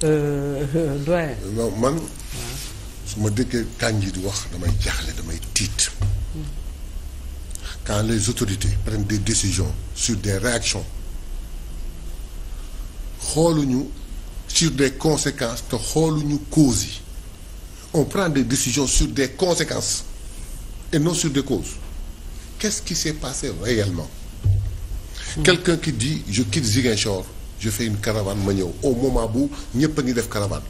doyen. Euh, euh, non man su ma déggee Kandji di wax damay jaaxle damay tiit. kan les autorités prennent des décisions sur des réactions xooluñu sur des conséquences te xooluñu causes yi on prend des décisions sur des conséquences et non sur des causes qu'est-ce qui s'est passé réellement. Mmh. quelqu'un qui dit je quitte Ziguinchor. je fais une ma ñëw au moment bu ñëpp a ngi def caravane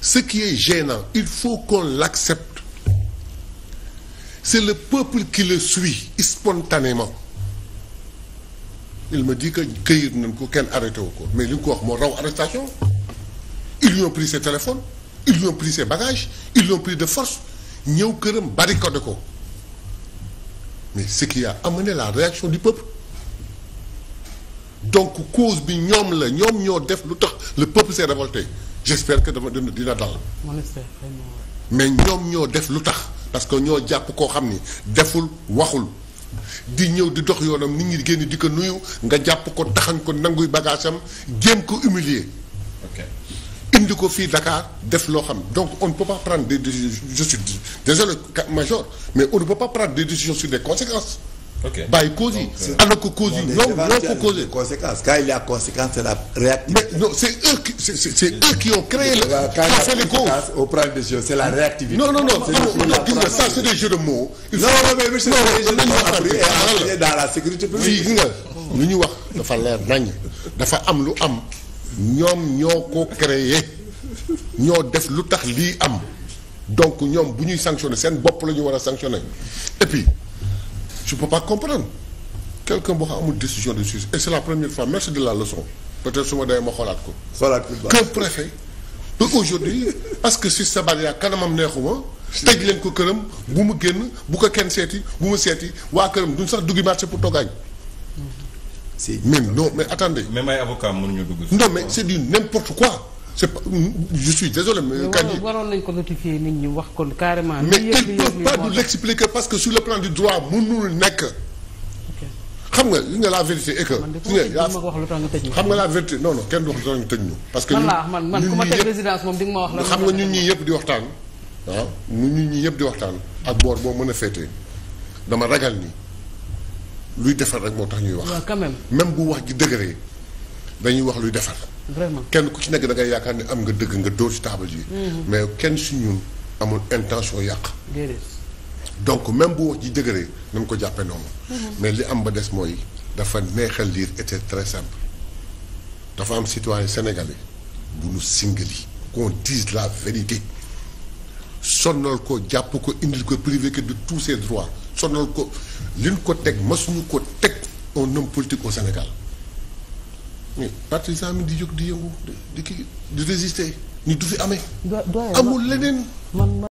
ce qui est gênant il faut qu'on l'accepte c'est le peuple qui le suit spontanément il me dit këyit nañ ko kenn arrêté wu ko mais lu nga ko wax moo raw arrestation ils lui ont pris ses téléphones ils lui ont pris ses bagages ils de force ñëw këram barricade ko mais ce qui a amené la réaction du peuple donc cause bi ñoom la ñoom ñoo def lu tax le peuple s'est révolté j'espère que dama dina dal mais ñoom ñoo def lu tax parce que ñoo jàpp koo xam ni deful waxul di ñëw di dox yoonam ni ngi génn di ko nuyu nga jàpp ko taxañ ko nanguy bagage am jéem ko humilier indi ko fii Dakar def loo xam donc on ne peut pas prendre des décisions je suis désolé major mais on ne peut pas prendre des décisions sur des conséquences ok bàyyi causes yi. alors que causes yi ñoom ñoo ko causé. conséquence quand il y a c'est la qui c'est c'est qui ont créé le. waaw a conséquence on prend des choses c'est la réactivité. non non non gis nga ça c'est des jeux de mots. non fii nga lu ñu wax dafa leer nañ dafa am lu am ñoom ñoo ko créé ñoo def lu tax lii am donc ñoom bu ñuy sanctionner seen bopp la ñu war a sanctionner et je peux pas comprendre quelqu'un boo xam amul décision de justice et c'est la première fois merci de la leçon peut-être su ma demee ma xoolaat ko. xoolaat ko que préfet ba aujourd'hui parce que si sabar yaa kanamam neexuma. tëj leen ko këram bu mu génn bu ko kenn seeti bu mu seeti waa këram duñ sax duggi marché pour toggaañ. c'est mais non mais attendez. même ay avocats dugg. non mais c'est du n'importe quoi. c'est pas je suis désolé. waroon nañ ko notifier nit ñi wax kon carrément. mais ils peuvent pas nous l'expliquer parce que sur le plan du xam nga li nga la vérité est que. xam nga la vérité non non kenn du wax dinañu tëj ñu. parce que man man ku ma teg résidence moom di ma wax. xam nga ñun ñii yëpp di waxtaan. waaw ah, ñun ñii yëpp di waxtaan ak boor boo mën a féetee dama ragal ni luy defar rek moo tax ñuy wax. quand même même bu wax ji dëgëree dañuy wax luy defar. vraiment kenn ku ci nekk da ngay yaakaar ni am nga dëgg nga dóor ci taabal ji. Mhm. mais kenn si ñun amul intention yàq. donc même bu wax ji dëgëree nañ ko jàppee noonu. Mhm. mais li am ba des mooy dafa neexal liir était très simple dafa am citoyen sénégalais bu nu singali qu'on dise la vérité sonnal ko jàpp ko indil ko privé que de tous ses droits sonnal ko liñ ko teg masuñu ko teg un homme politique Sénégal. mais partisan mi di jóg di yëngu di kii di résister ni du fi amee. amul leneen.